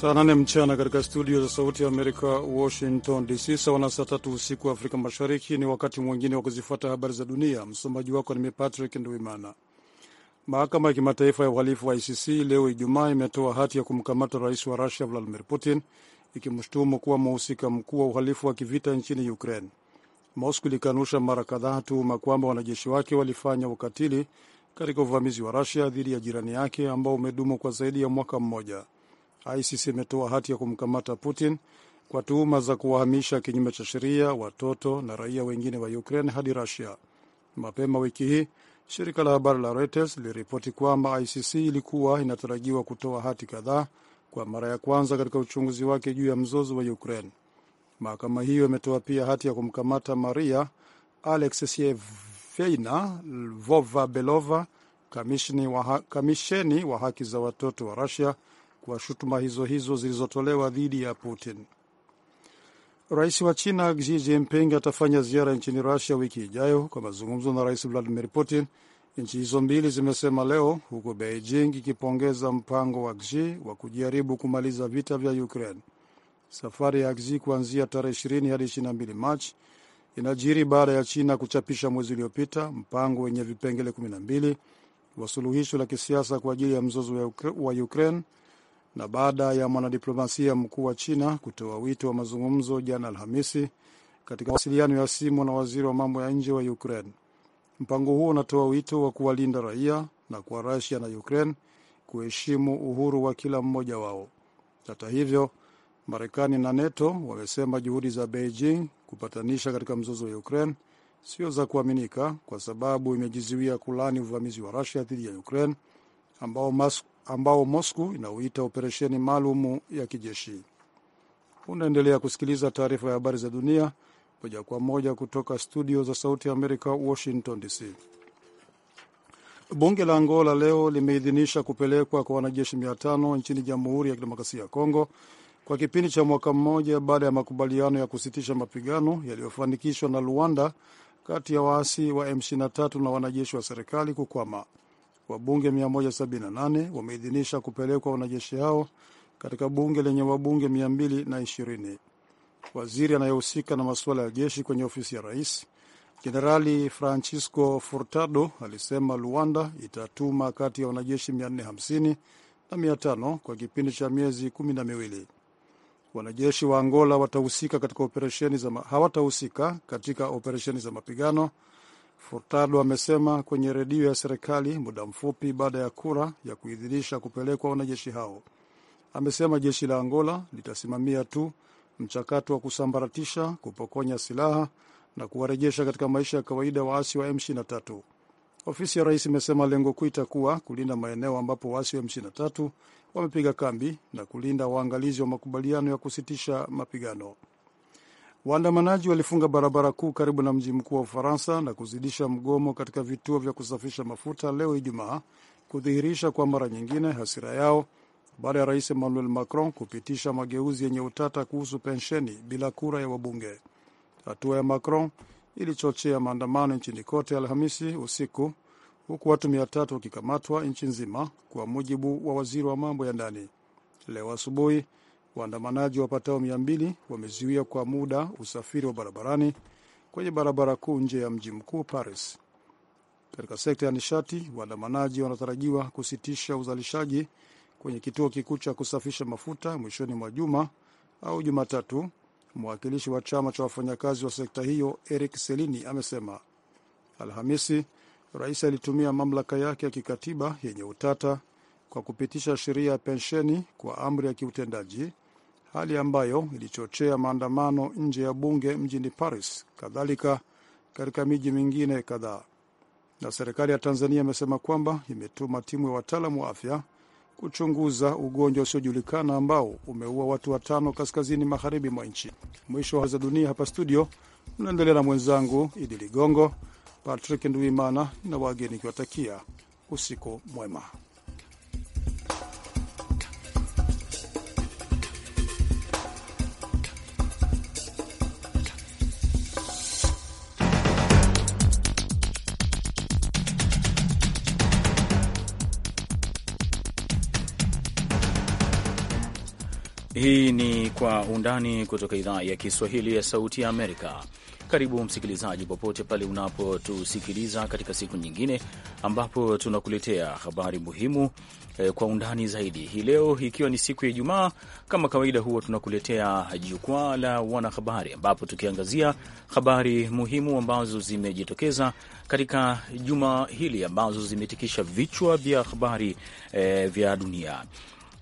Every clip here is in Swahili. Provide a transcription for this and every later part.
Saa nane mchana katika studio za Sauti ya Amerika, Washington DC, sawa na saa tatu usiku wa Afrika Mashariki. Ni wakati mwingine wa kuzifuata habari za dunia. Msomaji wako ni Patrick Ndwimana. Mahakama ya Kimataifa ya Uhalifu wa ICC leo Ijumaa imetoa hati ya kumkamata rais wa Rusia Vladimir Putin, ikimshutumu kuwa mhusika mkuu wa uhalifu wa kivita nchini Ukraine. Moscow ilikanusha mara kadhaa tuhuma kwamba wanajeshi wake walifanya ukatili katika uvamizi wa Rusia dhidi ya jirani yake ambao umedumu kwa zaidi ya mwaka mmoja. ICC imetoa hati ya kumkamata Putin kwa tuhuma za kuwahamisha kinyume cha sheria watoto na raia wengine wa Ukraine hadi Rusia. Mapema wiki hii shirika la habari la Reuters liliripoti kwamba ICC ilikuwa inatarajiwa kutoa hati kadhaa kwa mara ya kwanza katika uchunguzi wake juu ya mzozo wa Ukraine. Mahakama hiyo imetoa pia hati ya kumkamata Maria Alexeyevna Lvova Belova, kamisheni wa haki za watoto wa Rusia kwa shutuma hizo hizo zilizotolewa dhidi ya Putin. Rais wa China Xi Jinping atafanya ziara nchini Rusia wiki ijayo kwa mazungumzo na Rais Vladimir Putin, nchi hizo mbili zimesema leo, huku Beijing ikipongeza mpango wa Xi wa kujaribu kumaliza vita vya Ukraine. Safari ya Xi kuanzia tarehe 20 hadi 22 Machi inajiri baada ya China kuchapisha mwezi uliopita mpango wenye vipengele 12 wa suluhisho la kisiasa kwa ajili ya mzozo wa Ukraine na baada ya mwanadiplomasia mkuu wa China kutoa wito wa mazungumzo jana Alhamisi katika mawasiliano ya simu na waziri wa mambo ya nje wa Ukraine. Mpango huo unatoa wito wa kuwalinda raia na kwa rasia na Ukraine kuheshimu uhuru wa kila mmoja wao. Hata hivyo, Marekani na NATO wamesema juhudi za Beijing kupatanisha katika mzozo wa Ukraine sio za kuaminika kwa sababu imejizuia kulani uvamizi wa rasia dhidi ya Ukraine ambao, ambao Moscow inauita operesheni maalum ya kijeshi. Unaendelea kusikiliza taarifa ya habari za dunia moja kwa moja kutoka studio za Sauti ya Amerika, Washington DC. Bunge la Angola leo limeidhinisha kupelekwa kwa wanajeshi mia tano nchini Jamhuri ya Kidemokrasia ya Kongo kwa kipindi cha mwaka mmoja baada ya makubaliano ya kusitisha mapigano yaliyofanikishwa na Luanda kati ya waasi wa M23 na wanajeshi wa serikali kukwama. Wabunge 178 wameidhinisha kupelekwa wanajeshi hao katika bunge lenye wabunge 220. Waziri anayehusika na masuala ya jeshi kwenye ofisi ya rais, Jenerali Francisco Furtado, alisema Luanda itatuma kati ya wanajeshi 450 na 500 kwa kipindi cha miezi kumi na miwili. Wanajeshi wa Angola watahusika katika operesheni za, hawatahusika katika operesheni za mapigano Furtado amesema kwenye redio ya serikali muda mfupi baada ya kura ya kuidhinisha kupelekwa wanajeshi hao. Amesema jeshi la Angola litasimamia tu mchakato wa kusambaratisha, kupokonya silaha na kuwarejesha katika maisha ya kawaida waasi wa M23. Ofisi ya rais imesema lengo kuu itakuwa kulinda maeneo ambapo waasi wa M23 wamepiga kambi na kulinda waangalizi wa makubaliano ya kusitisha mapigano. Waandamanaji walifunga barabara kuu karibu na mji mkuu wa Ufaransa na kuzidisha mgomo katika vituo vya kusafisha mafuta leo Ijumaa, kudhihirisha kwa mara nyingine hasira yao baada ya rais Emmanuel Macron kupitisha mageuzi yenye utata kuhusu pensheni bila kura ya wabunge. Hatua ya Macron ilichochea maandamano nchini kote Alhamisi usiku, huku watu mia tatu wakikamatwa nchi nzima, kwa mujibu wa waziri wa mambo ya ndani. Leo asubuhi Waandamanaji wapatao mia mbili wamezuia kwa muda usafiri wa barabarani kwenye barabara kuu nje ya mji mkuu Paris. Katika sekta ya nishati, waandamanaji wanatarajiwa kusitisha uzalishaji kwenye kituo kikuu cha kusafisha mafuta mwishoni mwa juma au Jumatatu. Mwakilishi wa chama cha wafanyakazi wa sekta hiyo Eric Selini amesema Alhamisi rais alitumia mamlaka yake ya kikatiba yenye utata kwa kupitisha sheria ya pensheni kwa amri ya kiutendaji hali ambayo ilichochea maandamano nje ya bunge mjini Paris, kadhalika katika miji mingine kadhaa. Na serikali ya Tanzania imesema kwamba imetuma timu ya wataalamu wa afya kuchunguza ugonjwa usiojulikana ambao umeua watu watano kaskazini magharibi mwa nchi. Mwisho wa za dunia hapa studio. Mnaendelea na mwenzangu Idi Ligongo, Patrick Nduimana na wageni kiwatakia usiku mwema. Kwa Undani kutoka idhaa ya Kiswahili ya Sauti ya Amerika. Karibu msikilizaji, popote pale unapotusikiliza katika siku nyingine ambapo tunakuletea habari muhimu eh, kwa undani zaidi. Hii leo ikiwa ni siku ya Ijumaa, kama kawaida, huwa tunakuletea jukwaa la wanahabari, ambapo tukiangazia habari muhimu ambazo zimejitokeza katika juma hili ambazo zimetikisha vichwa vya habari eh, vya dunia.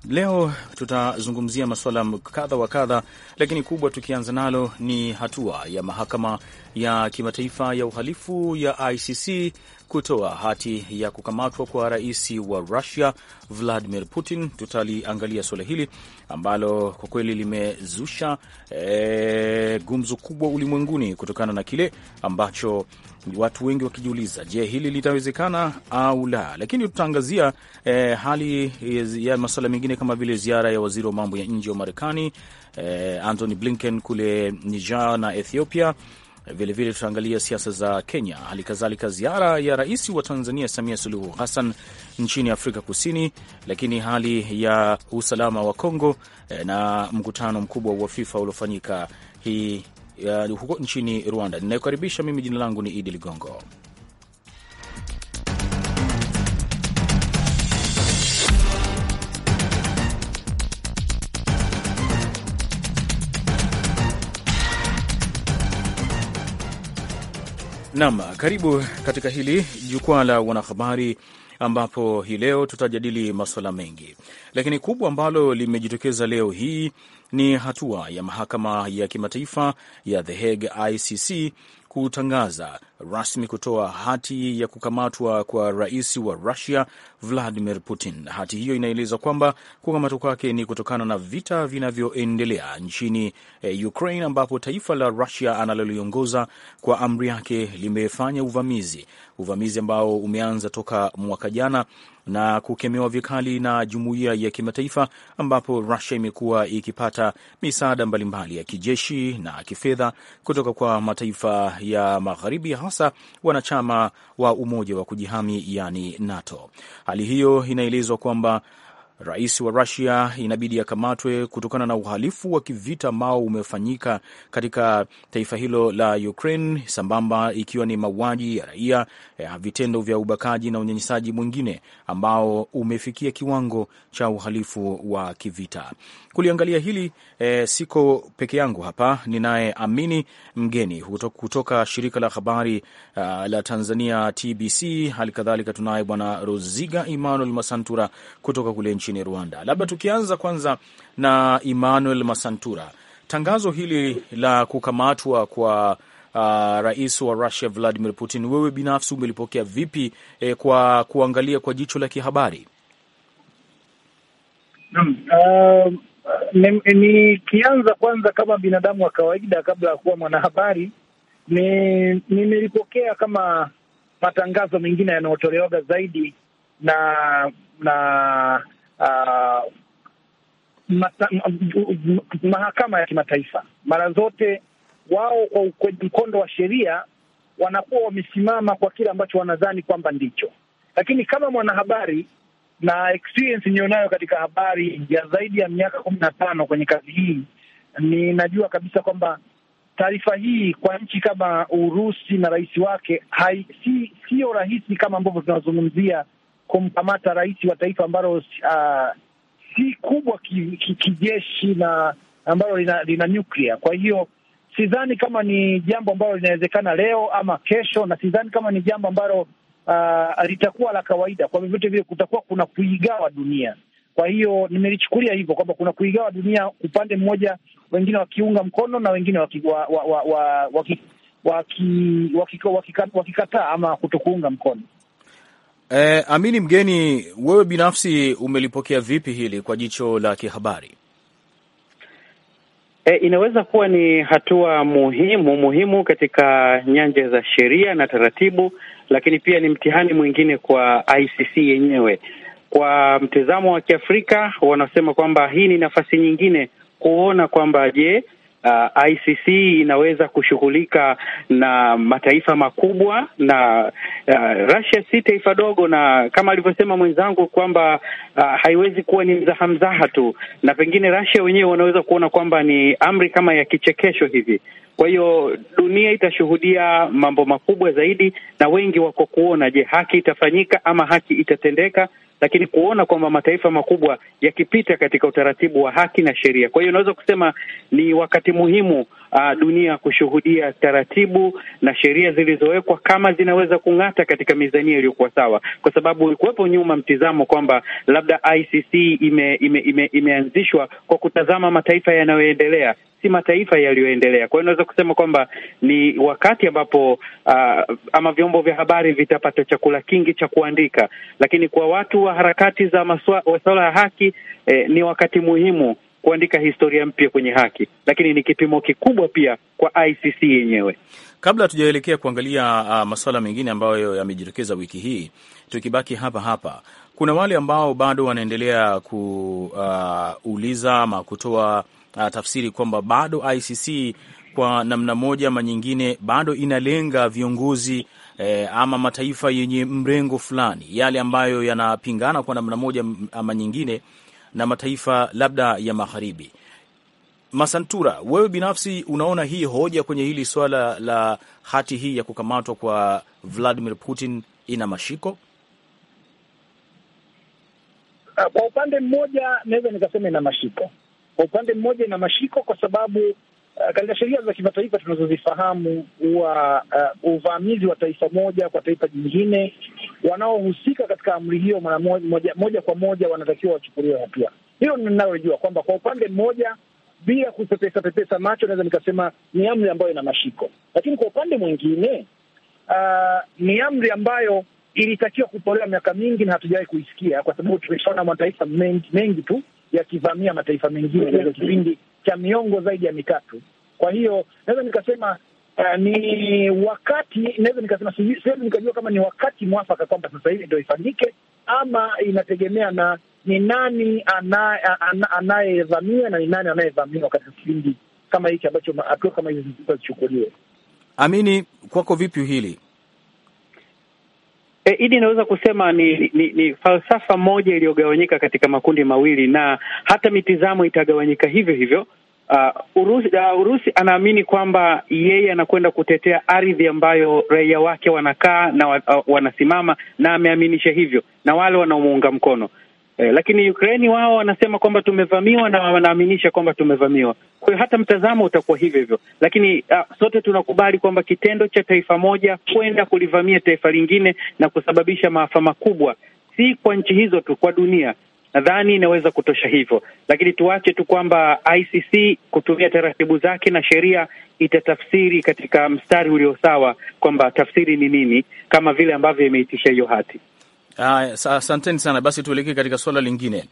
Leo tutazungumzia masuala kadha wa kadha, lakini kubwa tukianza nalo ni hatua ya mahakama ya kimataifa ya uhalifu ya ICC kutoa hati ya kukamatwa kwa rais wa Russia Vladimir Putin. Tutaliangalia suala hili ambalo kwa kweli limezusha e, gumzo kubwa ulimwenguni kutokana na kile ambacho watu wengi wakijiuliza, je, hili litawezekana au la? Lakini tutaangazia e, hali ya masuala mengine kama vile ziara ya waziri wa mambo ya nje wa Marekani e, eh, Antony Blinken kule Niger na Ethiopia Vilevile tutaangalia siasa za Kenya, hali kadhalika ziara ya rais wa Tanzania Samia Suluhu Hassan nchini Afrika Kusini, lakini hali ya usalama wa Kongo eh, na mkutano mkubwa wa FIFA uliofanyika hii eh, huko nchini Rwanda. Ninayokaribisha mimi, jina langu ni Idi Ligongo. Naam, karibu katika hili jukwaa la wanahabari ambapo hii leo tutajadili masuala mengi, lakini kubwa ambalo limejitokeza leo hii ni hatua ya mahakama ya kimataifa ya The Hague ICC kutangaza rasmi kutoa hati ya kukamatwa kwa rais wa Rusia Vladimir Putin. Hati hiyo inaeleza kwamba kukamatwa kwake ni kutokana na vita vinavyoendelea nchini ukrain eh, Ukraine, ambapo taifa la Rusia analoliongoza kwa amri yake limefanya uvamizi, uvamizi ambao umeanza toka mwaka jana na kukemewa vikali na jumuiya ya kimataifa ambapo Rusia imekuwa ikipata misaada mbalimbali ya kijeshi na kifedha kutoka kwa mataifa ya magharibi hasa wanachama wa umoja wa kujihami yani NATO. Hali hiyo inaelezwa kwamba Rais wa Rusia inabidi akamatwe kutokana na uhalifu wa kivita ambao umefanyika katika taifa hilo la Ukraine, sambamba ikiwa ni mauaji ya raia, ya vitendo vya ubakaji na unyanyasaji mwingine ambao umefikia kiwango cha uhalifu wa kivita. Kuliangalia hili e, siko peke yangu hapa, ninaye Amini Mgeni kutoka shirika la habari uh, la Tanzania TBC. Hali kadhalika tunaye Bwana Roziga Emmanuel Masantura kutoka kule nchi nchini Rwanda. Labda tukianza kwanza na Emmanuel Masantura, tangazo hili la kukamatwa kwa Uh, rais wa Russia Vladimir Putin, wewe binafsi umelipokea vipi eh, kwa kuangalia kwa jicho la kihabari? Hmm. Uh, nikianza ni kwanza kama binadamu wa kawaida kabla ya kuwa mwanahabari, nimelipokea ni kama matangazo mengine yanayotolewaga zaidi na na uh, mahakama ya kimataifa mara zote wao kwa kwenye mkondo wa sheria wanakuwa wamesimama kwa kile ambacho wanadhani kwamba ndicho, lakini kama mwanahabari na experience niliyonayo katika habari ya zaidi ya miaka kumi na tano kwenye kazi hii, ninajua kabisa kwamba taarifa hii kwa nchi kama Urusi na rais wake hai, si, siyo rahisi kama ambavyo tunazungumzia kumkamata rais wa taifa ambalo uh, si kubwa kijeshi ki, ki na ambalo lina, lina nyuklia. Kwa hiyo sidhani kama ni jambo ambalo linawezekana leo ama kesho, na sidhani kama ni jambo ambalo uh, litakuwa la kawaida. Kwa vyovyote vile, kutakuwa kuna kuigawa dunia. Kwa hiyo nimelichukulia hivyo kwamba kuna kuigawa dunia, upande mmoja wengine wakiunga mkono na wengine wakikataa waki, waki, waki, ama kutokuunga mkono. Eh, Amini Mgeni, wewe binafsi umelipokea vipi hili kwa jicho la kihabari? E, inaweza kuwa ni hatua muhimu muhimu katika nyanja za sheria na taratibu, lakini pia ni mtihani mwingine kwa ICC yenyewe. Kwa mtazamo wa Kiafrika wanasema kwamba hii ni nafasi nyingine kuona kwamba je, Uh, ICC inaweza kushughulika na mataifa makubwa na uh, Russia si taifa dogo, na kama alivyosema mwenzangu kwamba uh, haiwezi kuwa ni mzaha mzaha tu, na pengine Russia wenyewe wanaweza kuona kwamba ni amri kama ya kichekesho hivi. Kwa hiyo dunia itashuhudia mambo makubwa zaidi, na wengi wako kuona, je, haki itafanyika ama haki itatendeka? Lakini kuona kwamba mataifa makubwa yakipita katika utaratibu wa haki na sheria. Kwa hiyo unaweza kusema ni wakati muhimu uh, dunia kushuhudia taratibu na sheria zilizowekwa kama zinaweza kung'ata katika mizania iliyokuwa sawa, kwa sababu ulikuwepo nyuma mtizamo kwamba labda ICC ime, ime, ime, imeanzishwa kwa kutazama mataifa yanayoendelea, si mataifa yaliyoendelea. Kwa hiyo unaweza kusema kwamba ni wakati ambapo uh, ama vyombo vya habari vitapata chakula kingi cha kuandika, lakini kwa watu wa harakati za masuala ya haki eh, ni wakati muhimu kuandika historia mpya kwenye haki, lakini ni kipimo kikubwa pia kwa ICC yenyewe. Kabla hatujaelekea kuangalia uh, masuala mengine ambayo yamejitokeza wiki hii, tukibaki hapa hapa, kuna wale ambao bado wanaendelea kuuliza uh, ama kutoa uh, tafsiri kwamba bado ICC kwa namna moja ama nyingine bado inalenga viongozi eh, ama mataifa yenye mrengo fulani, yale ambayo yanapingana kwa namna moja ama nyingine na mataifa labda ya magharibi. Masantura, wewe binafsi unaona hii hoja kwenye hili swala la hati hii ya kukamatwa kwa Vladimir Putin ina mashiko? Ah, kwa upande mmoja naweza nikasema ina mashiko, kwa upande mmoja ina mashiko kwa sababu Eh, katika sheria za kimataifa tunazozifahamu huwa uh, uvamizi wa taifa moja kwa taifa jingine, wanaohusika katika amri hiyo moja, moja kwa moja wanatakiwa wachukuliwe hatua. Hilo ninalojua kwamba kwa upande mmoja, bila kupepesa pepesa macho, naweza nikasema ni amri ambayo ina mashiko, lakini kwa upande mwingine uh, ni amri ambayo ilitakiwa kutolewa miaka mingi na hatujawahi kuisikia, kwa sababu tumeshaona mataifa mengi, mengi tu yakivamia mataifa mengine katika kipindi cha miongo zaidi ya mitatu. Kwa hiyo naweza nikasema Uh, ni wakati naweza nikasema, siwezi nikajua kama ni wakati mwafaka kwamba sasa hivi ndo ifanyike, ama inategemea na ni nani anayevamiwa na ni nani anayevamiwa katika kipindi kama hiki ambacho hatua kama hizi zichukuliwe. Amini, kwako vipi hili? E, idi inaweza kusema ni, ni, ni falsafa moja iliyogawanyika katika makundi mawili na hata mitizamo itagawanyika hivyo hivyo. Uh, Urusi, uh, Urusi anaamini kwamba yeye anakwenda kutetea ardhi ambayo raia wake wanakaa na wa, uh, wanasimama na ameaminisha hivyo na wale wanaomuunga mkono eh, lakini Ukraini wao wanasema kwamba tumevamiwa na wanaaminisha kwamba tumevamiwa. Kwa hiyo hata mtazamo utakuwa hivyo hivyo, lakini uh, sote tunakubali kwamba kitendo cha taifa moja kwenda kulivamia taifa lingine na kusababisha maafa makubwa, si kwa nchi hizo tu, kwa dunia Nadhani inaweza kutosha hivyo, lakini tuache tu kwamba ICC kutumia taratibu zake na sheria itatafsiri katika mstari ulio sawa kwamba tafsiri ni nini, kama vile ambavyo imeitisha hiyo hati. Asanteni uh, sana. Basi tuelekee katika suala lingine.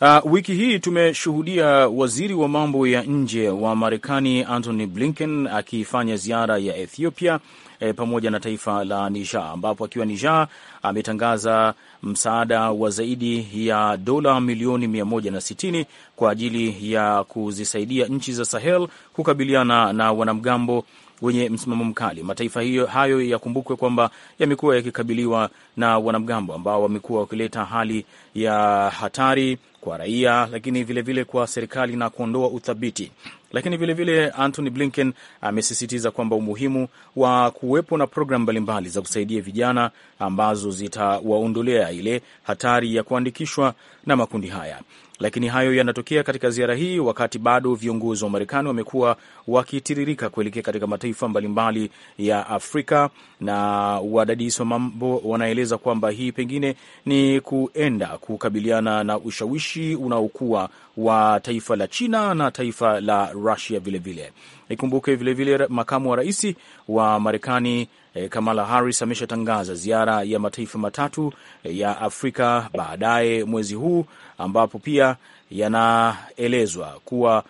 Uh, wiki hii tumeshuhudia waziri wa mambo ya nje wa Marekani Antony Blinken akifanya ziara ya Ethiopia E, pamoja na taifa la Niger ambapo akiwa Niger ametangaza msaada wa zaidi ya dola milioni 160 kwa ajili ya kuzisaidia nchi za Sahel kukabiliana na wanamgambo wenye msimamo mkali. Mataifa hiyo, hayo yakumbukwe kwamba yamekuwa yakikabiliwa na wanamgambo ambao wamekuwa wakileta hali ya hatari kwa raia, lakini vilevile vile kwa serikali na kuondoa uthabiti. Lakini vilevile Antony Blinken amesisitiza kwamba umuhimu wa kuwepo na programu mbalimbali za kusaidia vijana ambazo zitawaondolea ile hatari ya kuandikishwa na makundi haya. Lakini hayo yanatokea katika ziara hii wakati bado viongozi wa Marekani wamekuwa wakitiririka kuelekea katika mataifa mbalimbali ya Afrika, na wadadisi wa mambo wanaeleza kwamba hii pengine ni kuenda kukabiliana na ushawishi unaokuwa wa taifa la China na taifa la Rusia vilevile. Ikumbuke vilevile makamu wa rais wa Marekani eh, Kamala Harris ameshatangaza ziara ya mataifa matatu eh, ya Afrika baadaye mwezi huu, ambapo pia yanaelezwa kuwa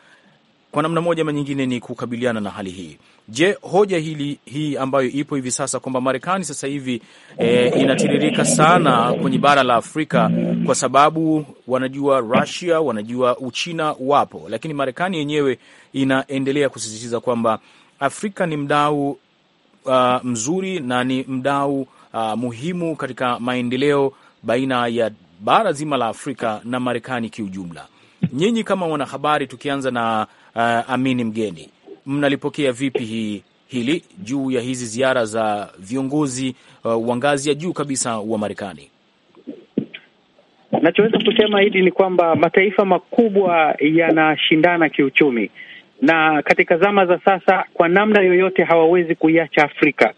kwa namna moja ama nyingine ni kukabiliana na hali hii. Je, hoja hili hii ambayo ipo hivi sasa kwamba Marekani sasa hivi e, inatiririka sana kwenye bara la Afrika kwa sababu wanajua Russia, wanajua Uchina wapo, lakini Marekani yenyewe inaendelea kusisitiza kwamba Afrika ni mdau uh, mzuri na ni mdau uh, muhimu katika maendeleo baina ya bara zima la Afrika na Marekani kiujumla. Nyinyi kama wanahabari, tukianza na uh, Amini Mgeni mnalipokea vipi hii hili juu ya hizi ziara za viongozi uh, wa ngazi ya juu kabisa wa Marekani? Nachoweza kusema hili ni kwamba mataifa makubwa yanashindana kiuchumi, na katika zama za sasa, kwa namna yoyote hawawezi kuiacha Afrika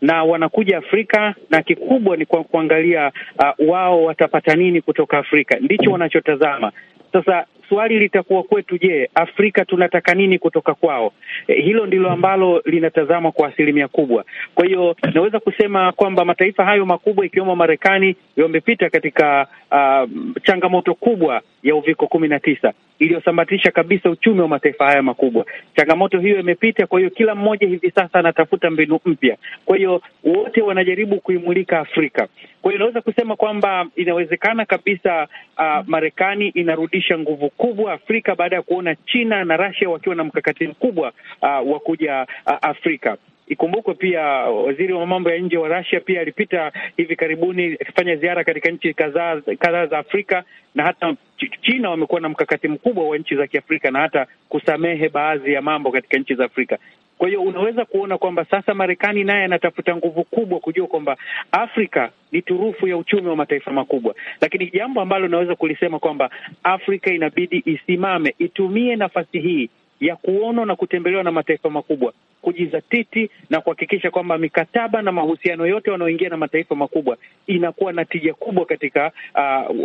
na wanakuja Afrika na kikubwa ni kwa kuangalia uh, wao watapata nini kutoka Afrika, ndicho wanachotazama sasa swali litakuwa kwetu, je, Afrika tunataka nini kutoka kwao? Eh, hilo ndilo ambalo linatazamwa kwa asilimia kubwa. Kwa hiyo naweza kusema kwamba mataifa hayo makubwa ikiwemo Marekani yamepita katika uh, changamoto kubwa ya uviko kumi na tisa iliyosambatisha kabisa uchumi wa mataifa haya makubwa. Changamoto hiyo imepita, kwa hiyo kila mmoja hivi sasa anatafuta mbinu mpya, kwa hiyo wote wanajaribu kuimulika Afrika. Kwa hiyo naweza kusema kwamba inawezekana kabisa, uh, Marekani inarudisha nguvu kubwa Afrika baada ya kuona China na Russia wakiwa na mkakati mkubwa uh, wa kuja uh, Afrika. Ikumbukwe pia waziri wa mambo ya nje wa Russia pia alipita hivi karibuni akifanya ziara katika nchi kadhaa kadhaa za Afrika, na hata China wamekuwa na mkakati mkubwa wa nchi za Kiafrika na hata kusamehe baadhi ya mambo katika nchi za Afrika. Kwa hiyo unaweza kuona kwamba sasa Marekani naye anatafuta nguvu kubwa kujua kwamba Afrika ni turufu ya uchumi wa mataifa makubwa, lakini jambo ambalo unaweza kulisema kwamba Afrika inabidi isimame, itumie nafasi hii ya kuonwa na kutembelewa na mataifa makubwa, kujizatiti na kuhakikisha kwamba mikataba na mahusiano yote wanaoingia na mataifa makubwa inakuwa na tija kubwa katika uh,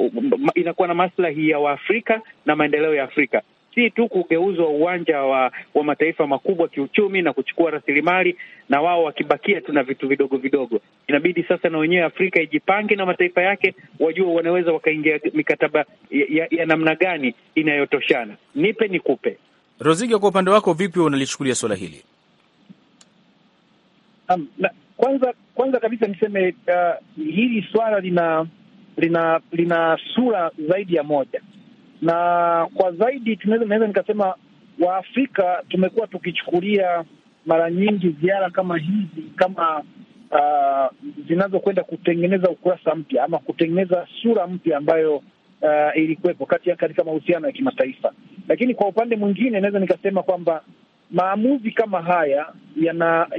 inakuwa na maslahi ya Waafrika na maendeleo ya Afrika si tu kugeuzwa uwanja wa, wa mataifa makubwa kiuchumi na kuchukua rasilimali na wao wakibakia tu na vitu vidogo vidogo. Inabidi sasa na wenyewe Afrika ijipange na mataifa yake, wajua wanaweza wakaingia mikataba ya, ya, ya namna gani inayotoshana. Nipe ni kupe Roziga, kwa upande wako vipi unalichukulia suala hili? Um, na, kwanza kwanza kabisa niseme uh, hili swala lina lina lina sura zaidi ya moja na kwa zaidi tunaweza naweza nikasema Waafrika tumekuwa tukichukulia mara nyingi ziara kama hizi kama uh, zinazokwenda kutengeneza ukurasa mpya ama kutengeneza sura mpya ambayo uh, ilikuwepo kati katika mahusiano ya kimataifa. Lakini kwa upande mwingine naweza nikasema kwamba maamuzi kama haya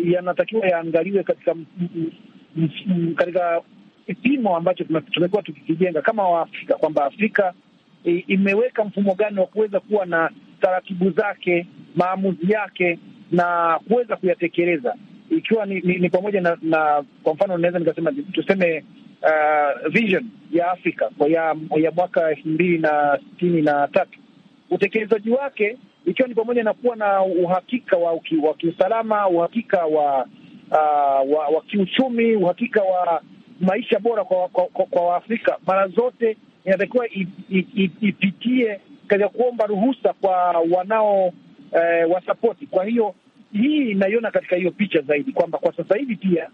yanatakiwa yana yaangaliwe katika katika kipimo ambacho tumekuwa tukikijenga kama Waafrika kwamba Afrika e, imeweka mfumo gani wa kuweza kuwa na taratibu zake, maamuzi yake na kuweza kuyatekeleza, ikiwa ni, ni, ni pamoja na, na kwa mfano naweza nikasema tuseme uh, vision ya Afrika ya, ya mwaka elfu mbili na sitini na tatu utekelezaji wake ikiwa ni pamoja na kuwa na uhakika wa uki, wa kiusalama, uhakika wa uh, wa, wa kiuchumi, uhakika wa maisha bora kwa, kwa, kwa, kwa Waafrika mara zote inatakiwa ipitie katika kuomba ruhusa kwa wanao eh, wasapoti. Kwa hiyo hii inaiona katika hiyo picha zaidi kwamba kwa sasa hivi pia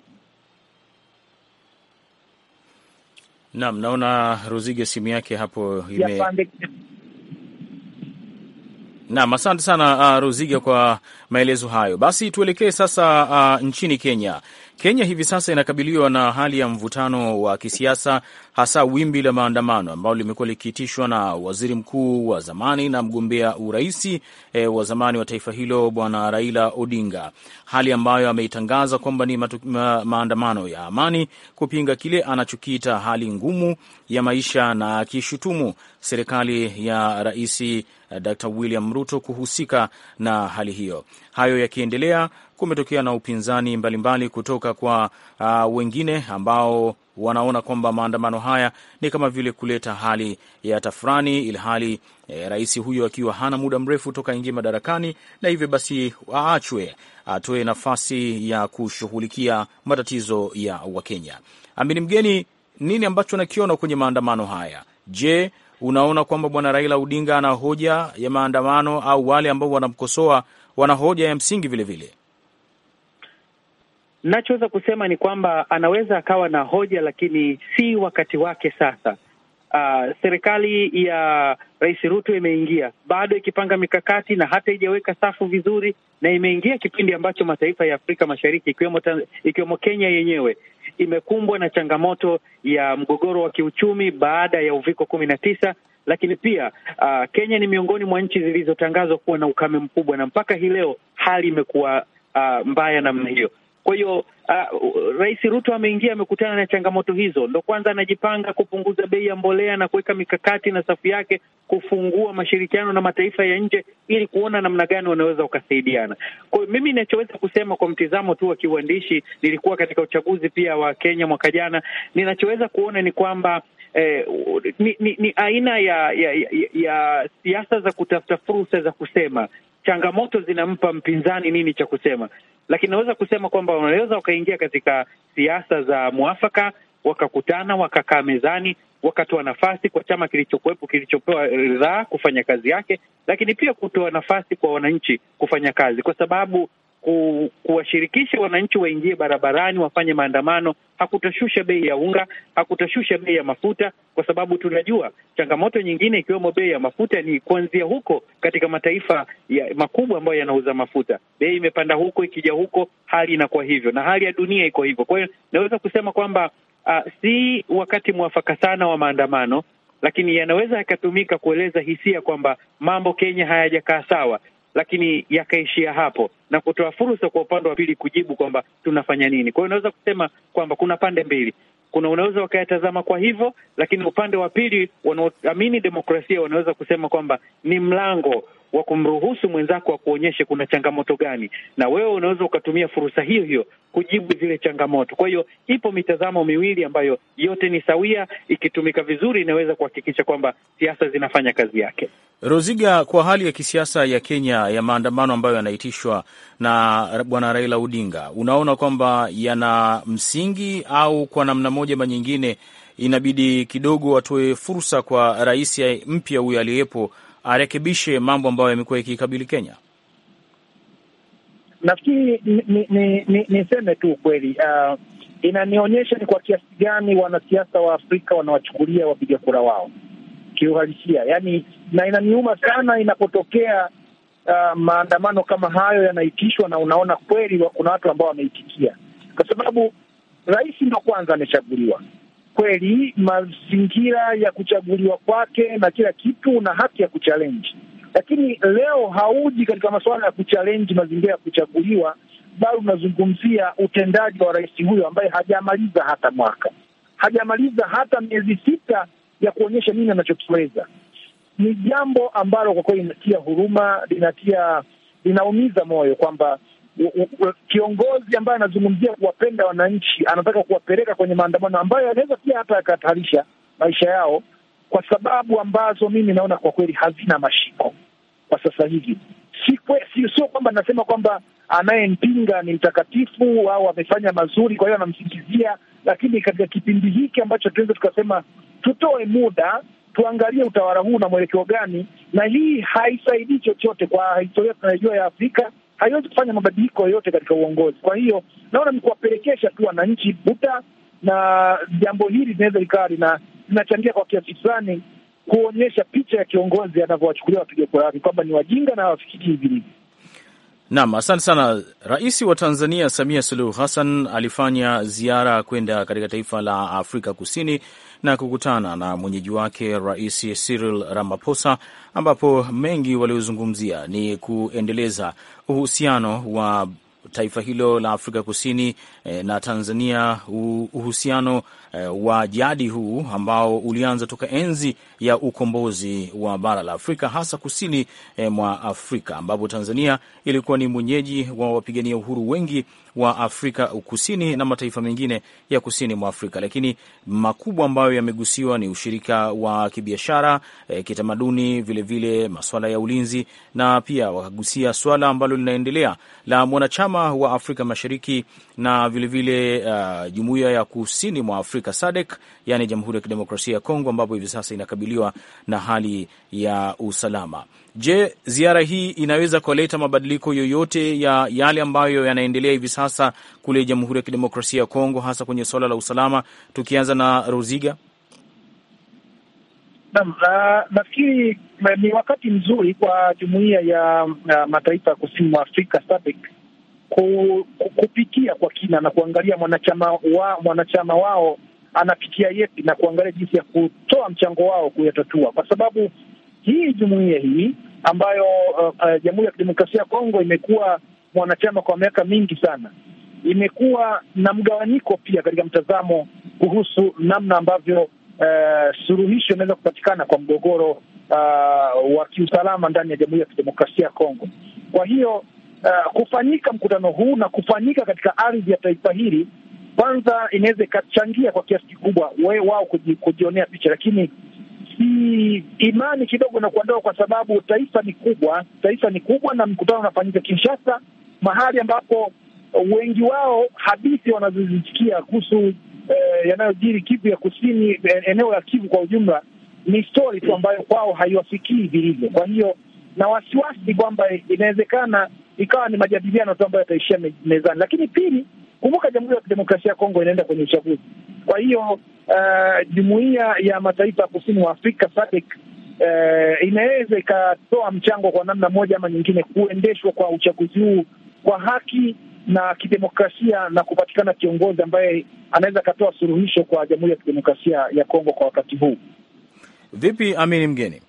nam naona Ruzige simu yake hapo ime nam. asante sana uh, ah, Ruziga, kwa maelezo hayo. Basi tuelekee sasa uh, nchini Kenya. Kenya hivi sasa inakabiliwa na hali ya mvutano wa kisiasa, hasa wimbi la maandamano ambalo limekuwa likiitishwa na waziri mkuu wa zamani na mgombea uraisi e, eh, wa zamani wa taifa hilo Bwana Raila Odinga, hali ambayo ameitangaza kwamba ni matu, ma, maandamano ya amani kupinga kile anachokiita hali ngumu ya maisha na akishutumu serikali ya Rais eh, Dr William Ruto kuhusika na hali hiyo. Hayo yakiendelea kumetokea na upinzani mbalimbali mbali kutoka kwa uh, wengine ambao wanaona kwamba maandamano haya ni kama vile kuleta hali ya tafurani, ilhali eh, rais huyo akiwa hana muda mrefu toka ingie madarakani, na hivyo basi aachwe atoe nafasi ya kushughulikia matatizo ya Wakenya. Amini Mgeni, nini ambacho nakiona kwenye maandamano haya? Je, unaona kwamba bwana Raila Odinga ana hoja ya maandamano au wale ambao wanamkosoa wana hoja ya msingi vilevile vile? Nachoweza kusema ni kwamba anaweza akawa na hoja, lakini si wakati wake sasa. Uh, serikali ya Rais Ruto imeingia bado ikipanga mikakati na hata ijaweka safu vizuri, na imeingia kipindi ambacho mataifa ya Afrika Mashariki ikiwemo ikiwemo Kenya yenyewe imekumbwa na changamoto ya mgogoro wa kiuchumi baada ya uviko kumi na tisa. Lakini pia uh, Kenya ni miongoni mwa nchi zilizotangazwa kuwa na ukame mkubwa, na mpaka hii leo hali imekuwa uh, mbaya namna hiyo. Kwa hiyo uh, Rais Ruto ameingia, amekutana na changamoto hizo, ndo kwanza anajipanga kupunguza bei ya mbolea na kuweka mikakati na safu yake kufungua mashirikiano na mataifa ya nje ili kuona namna gani wanaweza wakasaidiana. Kwa hiyo mimi ninachoweza kusema kwa mtizamo tu wa kiuandishi, nilikuwa katika uchaguzi pia wa Kenya mwaka jana, ninachoweza kuona ni kwamba Eh, ni, ni, ni aina ya ya, ya, ya siasa za kutafuta fursa za kusema changamoto zinampa mpinzani nini cha kusema, lakini naweza kusema kwamba wanaweza wakaingia katika siasa za mwafaka, wakakutana, wakakaa mezani, wakatoa nafasi kwa chama kilichokuwepo kilichopewa ridhaa kufanya kazi yake, lakini pia kutoa nafasi kwa wananchi kufanya kazi, kwa sababu ku, kuwashirikisha wananchi waingie barabarani wafanye maandamano hakutashusha bei ya unga, hakutashusha bei ya mafuta, kwa sababu tunajua changamoto nyingine ikiwemo bei ya mafuta ni kuanzia huko katika mataifa ya makubwa ambayo yanauza mafuta, bei imepanda huko, ikija huko hali inakuwa hivyo, na hali ya dunia iko hivyo. Kwa hiyo naweza kusema kwamba uh, si wakati mwafaka sana wa maandamano lakini yanaweza yakatumika kueleza hisia kwamba mambo Kenya hayajakaa sawa lakini yakaishia hapo na kutoa fursa kwa upande wa pili kujibu kwamba tunafanya nini. Kwa hiyo unaweza kusema kwamba kuna pande mbili, kuna unaweza wakayatazama kwa hivyo, lakini upande wa pili wanaoamini demokrasia wanaweza kusema kwamba ni mlango wa kumruhusu mwenzako akuonyeshe kuna changamoto gani, na wewe unaweza ukatumia fursa hiyo hiyo kujibu zile changamoto. Kwa hiyo ipo mitazamo miwili ambayo yote ni sawia, ikitumika vizuri inaweza kuhakikisha kwamba siasa zinafanya kazi yake. Roziga, kwa hali ya kisiasa ya Kenya ya maandamano ambayo yanaitishwa na Bwana Raila Odinga, unaona kwamba yana msingi au kwa namna moja ama nyingine inabidi kidogo watoe fursa kwa rais mpya huyo aliyepo arekebishe mambo ambayo yamekuwa ikikabili Kenya? Nafikiri niseme tu ukweli, uh, inanionyesha ni kwa kiasi gani wanasiasa wa Afrika wanawachukulia wapiga kura wao kiuhalisia, yani, na inaniuma sana inapotokea uh, maandamano kama hayo yanaitishwa na unaona kweli kuna watu ambao wameitikia, kwa sababu rais ndo kwanza amechaguliwa kweli mazingira ya kuchaguliwa kwake na kila kitu, una haki ya kuchalenji, lakini leo hauji katika masuala ya kuchalenji mazingira ya kuchaguliwa, bado unazungumzia utendaji wa rais huyo ambaye hajamaliza hata mwaka, hajamaliza hata miezi sita ya kuonyesha nini anachokiweza. Ni jambo ambalo kwa kweli linatia huruma, linatia linaumiza moyo kwamba kiongozi ambaye anazungumzia kuwapenda wananchi anataka kuwapeleka kwenye maandamano ambayo yanaweza pia hata yakahatarisha maisha yao, kwa sababu ambazo mimi naona kwa kweli hazina mashiko kwa sasa hivi. Si sio kwamba nasema kwamba anayempinga ni mtakatifu au amefanya mazuri, kwa hiyo anamsingizia, lakini katika kipindi hiki ambacho tunaweza tukasema, tutoe muda tuangalie utawala huu na mwelekeo gani, na hii haisaidii chochote kwa historia tunayojua ya Afrika haiwezi kufanya mabadiliko yoyote katika uongozi. Kwa hiyo naona ni kuwapelekesha tu wananchi buta, na jambo hili linaweza likawa linachangia kwa kiasi fulani kuonyesha picha ya kiongozi anavyowachukulia wapiga kura wake kwamba ni wajinga na hawafikiri hivi. Naam, asante sana. Rais wa Tanzania Samia Suluhu Hassan alifanya ziara kwenda katika taifa la Afrika Kusini na kukutana na mwenyeji wake Rais Cyril Ramaphosa, ambapo mengi waliozungumzia ni kuendeleza uhusiano wa taifa hilo la Afrika Kusini eh, na Tanzania, uhusiano uh, wa jadi huu ambao ulianza toka enzi ya ukombozi wa bara la Afrika, hasa kusini eh, mwa Afrika ambapo Tanzania ilikuwa ni mwenyeji wa wapigania uhuru wengi wa Afrika Kusini na mataifa mengine ya kusini mwa Afrika, lakini makubwa ambayo yamegusiwa ni ushirika wa kibiashara eh, kitamaduni, vilevile masuala ya ulinzi na pia wakagusia swala ambalo linaendelea la mwanachama wa Afrika Mashariki na vilevile uh, eh, jumuiya ya kusini mwa Afrika Afrika SADC, yani Jamhuri ya Kidemokrasia ya Kongo, ambapo hivi sasa inakabiliwa na hali ya usalama. Je, ziara hii inaweza kuleta mabadiliko yoyote ya yale ambayo yanaendelea hivi sasa kule Jamhuri ya Kidemokrasia ya Kongo, hasa kwenye suala la usalama, tukianza na Roziga? Naam, nafikiri ni wakati mzuri kwa jumuiya ya, ya mataifa ya kusini mwa Afrika SADC kupitia kwa kina na kuangalia mwanachama wa mwanachama wao anapitia yepi na kuangalia jinsi ya kutoa mchango wao kuyatatua, kwa sababu hii jumuiya hii ambayo uh, uh, Jamhuri ya Kidemokrasia ya Kongo imekuwa mwanachama kwa miaka mingi sana, imekuwa na mgawanyiko pia katika mtazamo kuhusu namna ambavyo uh, suluhisho inaweza kupatikana kwa mgogoro uh, wa kiusalama ndani ya Jamhuri ya Kidemokrasia ya Kongo. Kwa hiyo uh, kufanyika mkutano huu na kufanyika katika ardhi ya taifa hili kwanza inaweza ikachangia kwa kiasi kikubwa wao kujionea picha, lakini si imani kidogo inakuwa ndogo, kwa sababu taifa ni kubwa, taifa ni kubwa na mkutano unafanyika Kinshasa, mahali ambapo wengi wao hadithi wanazozisikia kuhusu eh, yanayojiri Kivu ya Kusini, eh, eneo la Kivu kwa ujumla ni stori tu ambayo kwao haiwafikii vilivyo. Kwa hiyo na wasiwasi kwamba inawezekana ikawa ni majadiliano tu ambayo yataishia mezani. Lakini pili, kumbuka Jamhuri ya Kidemokrasia ya Kongo inaenda kwenye uchaguzi. Kwa hiyo eh, jumuiya ya mataifa ya kusini mwa Afrika SADC uh, inaweza ikatoa mchango kwa namna moja ama nyingine kuendeshwa kwa uchaguzi huu kwa haki na kidemokrasia na kupatikana kiongozi ambaye anaweza akatoa suluhisho kwa Jamhuri ya Kidemokrasia ya Kongo kwa wakati huu. Vipi Amini Mgeni?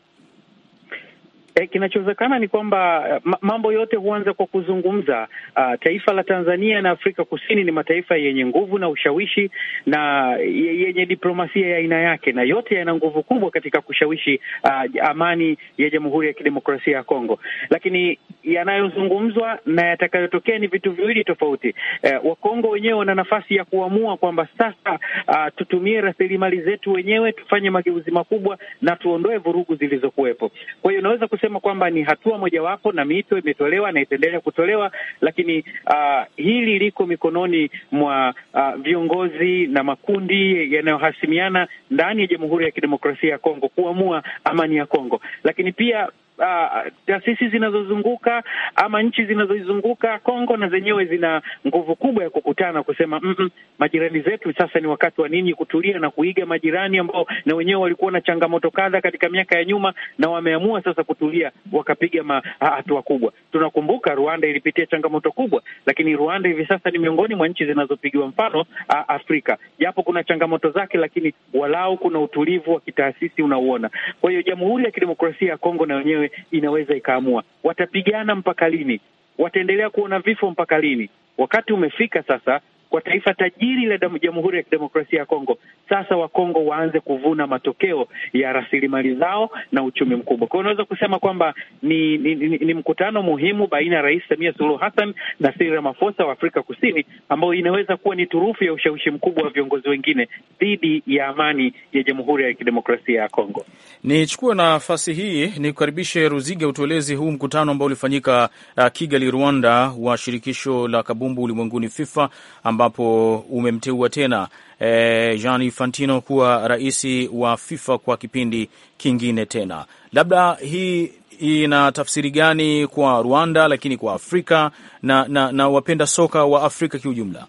E, kinachowezekana ni kwamba eh, mambo yote huanza kwa kuzungumza. Uh, taifa la Tanzania na Afrika Kusini ni mataifa yenye nguvu na ushawishi na yenye diplomasia ya aina yake, na yote yana nguvu kubwa katika kushawishi uh, amani ya Jamhuri ya Kidemokrasia ya Kongo, lakini yanayozungumzwa na yatakayotokea ni vitu viwili tofauti. Eh, Wakongo wenyewe wana nafasi ya kuamua kwamba sasa, uh, tutumie rasilimali zetu wenyewe, tufanye mageuzi makubwa na tuondoe vurugu zilizokuwepo. Kwa hiyo unaweza kusema kusema kwamba ni hatua mojawapo, na mito imetolewa na itaendelea kutolewa, lakini uh, hili liko mikononi mwa uh, viongozi na makundi yanayohasimiana ndani ya Jamhuri ya Kidemokrasia ya Kongo kuamua amani ya Kongo, lakini pia Uh, taasisi zinazozunguka ama nchi zinazoizunguka Kongo na zenyewe zina nguvu kubwa ya kukutana kusema mm -mm, majirani zetu sasa ni wakati wa ninyi kutulia na kuiga majirani ambao na wenyewe walikuwa na changamoto kadha katika miaka ya nyuma, na wameamua sasa kutulia wakapiga hatua kubwa. Tunakumbuka Rwanda ilipitia changamoto kubwa, lakini Rwanda hivi sasa ni miongoni mwa nchi zinazopigiwa mfano a, Afrika, japo kuna changamoto zake, lakini walau kuna utulivu wa kitaasisi unauona. Kwa hiyo Jamhuri ya Kidemokrasia ya Kongo na wenyewe inaweza ikaamua. Watapigana mpaka lini? Wataendelea kuona vifo mpaka lini? Wakati umefika sasa kwa taifa tajiri la Jamhuri ya Kidemokrasia ya Kongo, sasa Wakongo waanze kuvuna matokeo ya rasilimali zao na uchumi mkubwa. Kwa hiyo unaweza kusema kwamba ni, ni, ni, ni mkutano muhimu baina ya Rais Samia Suluhu Hassan na Cyril Ramaphosa wa Afrika Kusini, ambayo inaweza kuwa ni turufu ya ushawishi mkubwa wa viongozi wengine dhidi ya amani ya Jamhuri ya Kidemokrasia ya Kongo. Nichukue nafasi hii nikukaribishe Ruziga, utueleze huu mkutano ambao ulifanyika uh, Kigali, Rwanda, wa shirikisho la kabumbu ulimwenguni FIFA amba ambapo umemteua tena e, Gianni Infantino kuwa rais wa FIFA kwa kipindi kingine tena. Labda hii ina tafsiri gani kwa Rwanda, lakini kwa Afrika na, na, na wapenda soka wa Afrika kiujumla?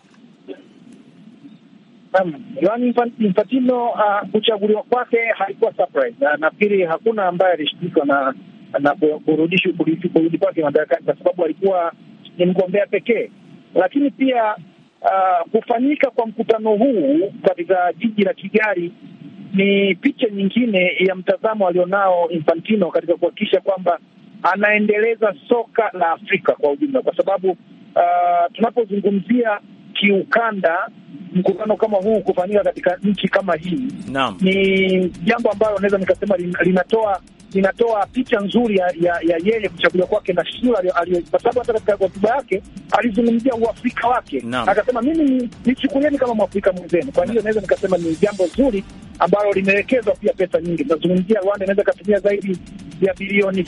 Um, Gianni Infantino uh, kuchaguliwa kwake haikuwa surprise. Na uh, nafikiri hakuna ambaye alishtukizwa na na kurudi kwake madarakani kwa sababu alikuwa ni mgombea pekee, lakini pia uh, kufanyika kwa mkutano huu katika jiji la Kigali ni picha nyingine ya mtazamo alionao Infantino katika kuhakikisha kwamba anaendeleza soka la Afrika kwa ujumla, kwa sababu uh, tunapozungumzia kiukanda mkutano kama huu kufanyika katika nchi kama hii no. ni jambo ambalo naweza nikasema linatoa inatoa picha nzuri ya, ya, ya yeye kuchaguliwa kwake na sura aliyoipata, sababu hata katika hotuba yake alizungumzia uafrika wake no. Akasema mimi nichukulieni kama mwafrika mwenzenu. Kwa hiyo naweza nikasema ni jambo zuri ambalo limewekezwa pia pesa nyingi. Tunazungumzia Rwanda inaweza ikatumia zaidi ya bilioni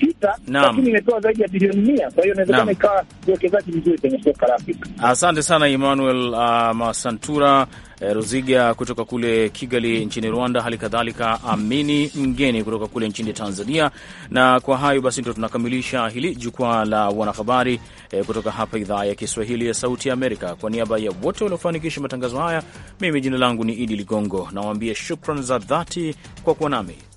sita lakini imetoa zaidi ya bilioni mia. Kwa hiyo inawezekana ikawa uwekezaji mzuri kwenye soka la Afrika. Asante sana Emmanuel uh, Masantura. Eh, Ruziga kutoka kule Kigali nchini Rwanda, hali kadhalika Amini Mgeni kutoka kule nchini Tanzania. Na kwa hayo basi ndo tunakamilisha hili jukwaa la wanahabari e, kutoka hapa idhaa ya Kiswahili ya Sauti ya Amerika. Kwa niaba ya wote waliofanikisha matangazo haya, mimi jina langu ni Idi Ligongo, nawaambia shukran za dhati kwa kuwa nami.